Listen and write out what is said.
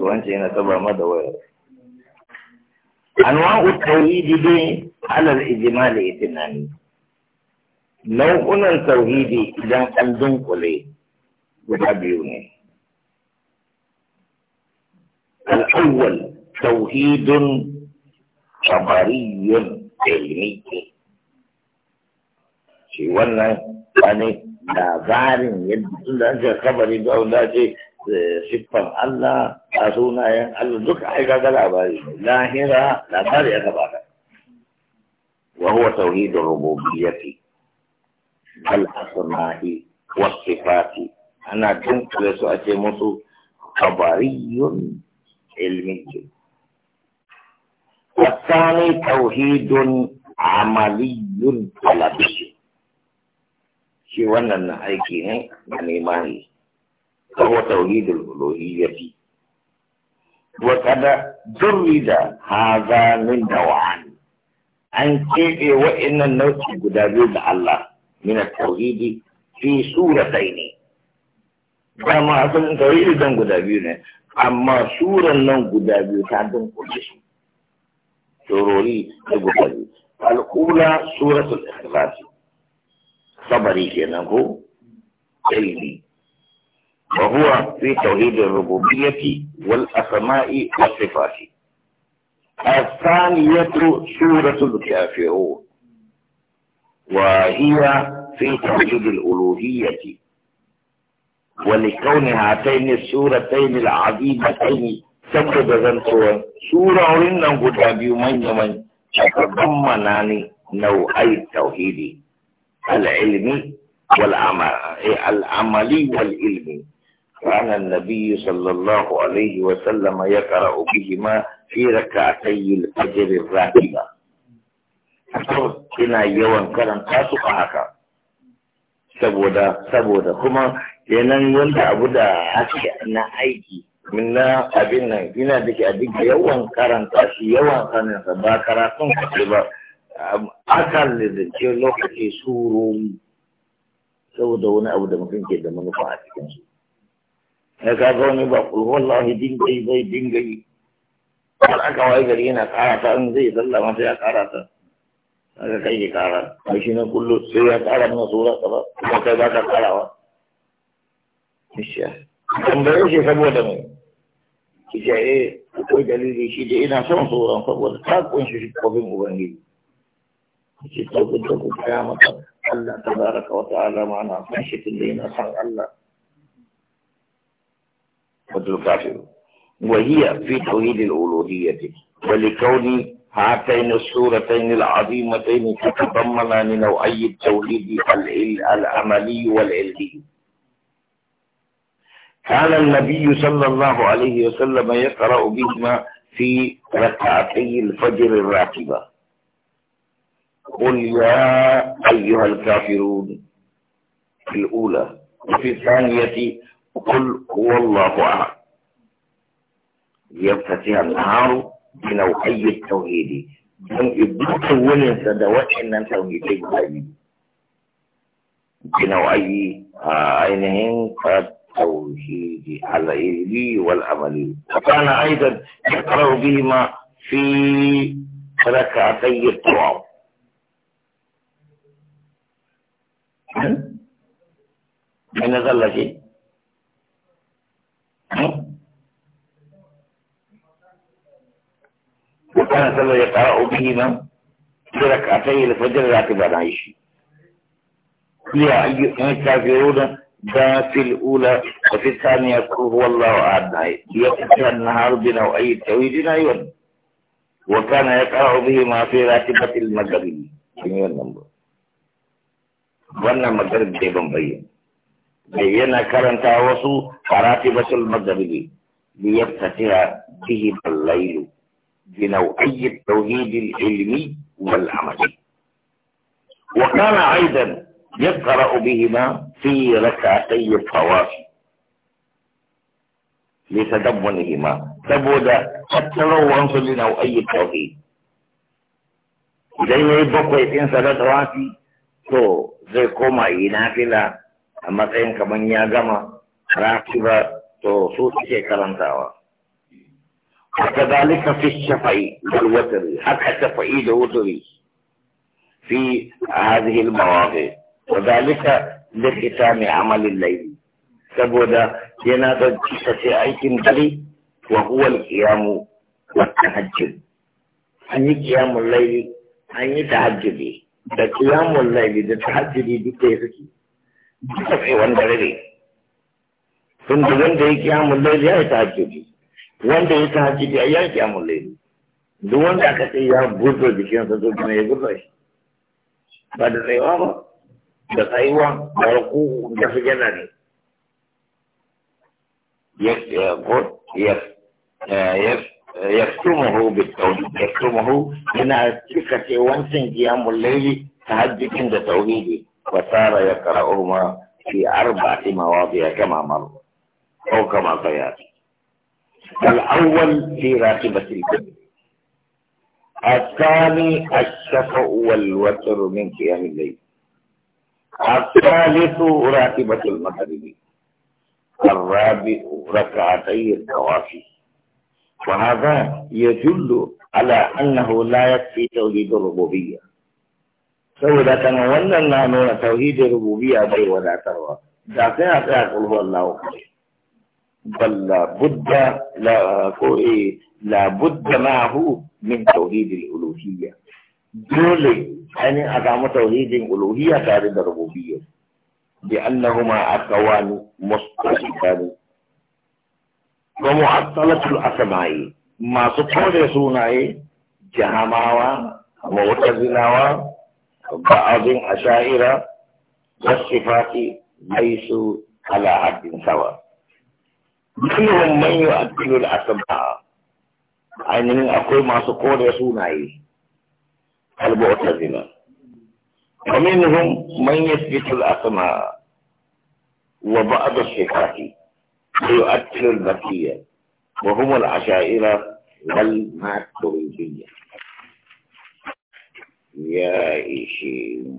wancan yana saba ma da wayar anwa'u tauhidi dai alal ijmali itinani nau'unan tauhidi idan an dunkule guda biyu ne al'awwal tauhidun khabariyun ilmi shi wannan wani labarin yadda tun da an kabari da wanda சிப்பம் அல்ல சூனாயன் அல்ல துக் ஐகாதல அபாதி லாஹிரா லாதாரி அகபாக وهو توحيد الربوبية والأسماء والصفات أنا جنك لسو أتمسو خبري علمي والثاني توحيد عملي طلبي شوانا نحيكي نحيكي نحيكي فهو توحيد الألوهية وكذا جرد هذا من دوعان أن كيف وإن النوت قدابيض الله من التوحيد في سورتين كما أقول أن توحيد دون قدابيض أما سورة نون قدابيض تعدون قدسي سوروري قدابيض الأولى سورة الإخلاص صبري كنا هو علمي وهو في توحيد الربوبية والأسماء والصفات الثانية سورة الكافرون وهي في توحيد الألوهية ولكون هاتين السورتين العظيمتين سبب ذنبها سورة إنهم قد من يمن تتضمنان نوعي التوحيد العلمي والعملي والعلمي كان النبي صلى الله عليه وسلم يقرأ بهما في ركعتي الفجر الراكبة ina yawan karanta su a haka saboda saboda kuma kenan wanda abu da ake na aiki min na abin nan ina da ke abin yawan karanta shi yawan saninsa ba karatun kace ba akan lizince lokaci surori saboda wani abu da mutum ke da manufa a cikin su ya ka ga wani ba wallahi dinga yi zai dinga yi har aka waye gari yana karata in zai sallama sai ya karata, aka kai ya kara. a shi na kullu sai ya kara mana sura ta ba kuma kai ba ka ƙarawa mishiya tambaye shi saboda mai kike eh akwai dalili shi da ina son tsoron saboda ta kunshi shi kofin ubangiji ce ta gudu ku kaya mata Allah ta baraka wa ta'ala ma na son shi tunda yana son Allah وجه كافر وهي في توحيد الألوهية ولكون هاتين السورتين العظيمتين تتضمنان نوعي التوحيد العملي والعلمي كان النبي صلى الله عليه وسلم يقرأ بهما في ركعتي الفجر الراكبة قل يا أيها الكافرون في الأولى وفي الثانية قل هو الله أحد يفتتح النهار بنوعي التوحيد من إبناء ولن سدوات إن أنت توحيد بنوعي عينهم على العلمي والعملي وكان أيضا يقرأ بهما في ركعتي الطعام من ظل شيء وكان صلى يقرأ بهما في ركعتي الفجر راتب على عيش يا أيها الكافرون ده في الأولى وفي الثانية يقول هو الله أعدنا يقرأ النهار بنا وأي التويد أيضا وكان يقرأ بهما في راتبة المغرب جميل وانا مغرب دي بمبين لان karanta وصو كراتبة المغرب ليفتتح بهم الليل بنوعي التوحيد العلمي والعملي وكان أيضا يقرأ بهما في ركعتي الطواف لتدبرهما حتى لو سلنا وأي التوحيد إذا يبقى يتين صلاة وافي تو زي كوما ينافلا أما تين كمان يا جماعه راكبة توصول شيء وكذلك في الشفعي والوتري حتى الشفعي الوتري في هذه المواضع وذلك لختام عمل الليل سبودا جنازة جيسة أيتم وهو القيام والتهجد أن قيام الليل أن تهجدي قيام الليل ده بكيفك دي تهجدي tun wanda ya kiyamun laili ya yi tahajjudi wanda ya tahajjudi ya yi kiyamun laili duk wanda aka ce ya burzo sa, to kuma ya burzo shi ba da tsayuwa ba da tsayuwa da ruku da sujada ne yaktumuhu bitawhid yaktumuhu yana cika ce wancan qiyamul layli tahajjudin da tauri tauhidi wa sara yaqra'uhuma fi arba'ati mawadi'a kama marra أو كما سيأتي الأول في راقبة الجنة الثاني الشفع والوتر من قيام الليل الثالث راتبة المغرب الرابع ركعتي الكوافي وهذا يدل على أنه لا يكفي توحيد الربوبية فإذا تنولنا ولنا نون توحيد الربوبية بي ولا تروى ذاك فيها قل هو الله خير بل لابد لا بد معه من توحيد الألوهية دول يعني أدعم توحيد الألوهية تارد الربوبية لأنهما أخوان مستشفان ومعطلة الأسماء ما تقول سوناي إيه؟ جهماوا و بعض أشاعرة والصفات ليسوا على حد سواء منهم من يؤكل الأسماء اي من أقول ما سقول يسوناي المعتزلة ومنهم من يثبت الأسماء وبعض الصفات ويؤكل البكية وهم العشائرة والمعتزلة يا ايشي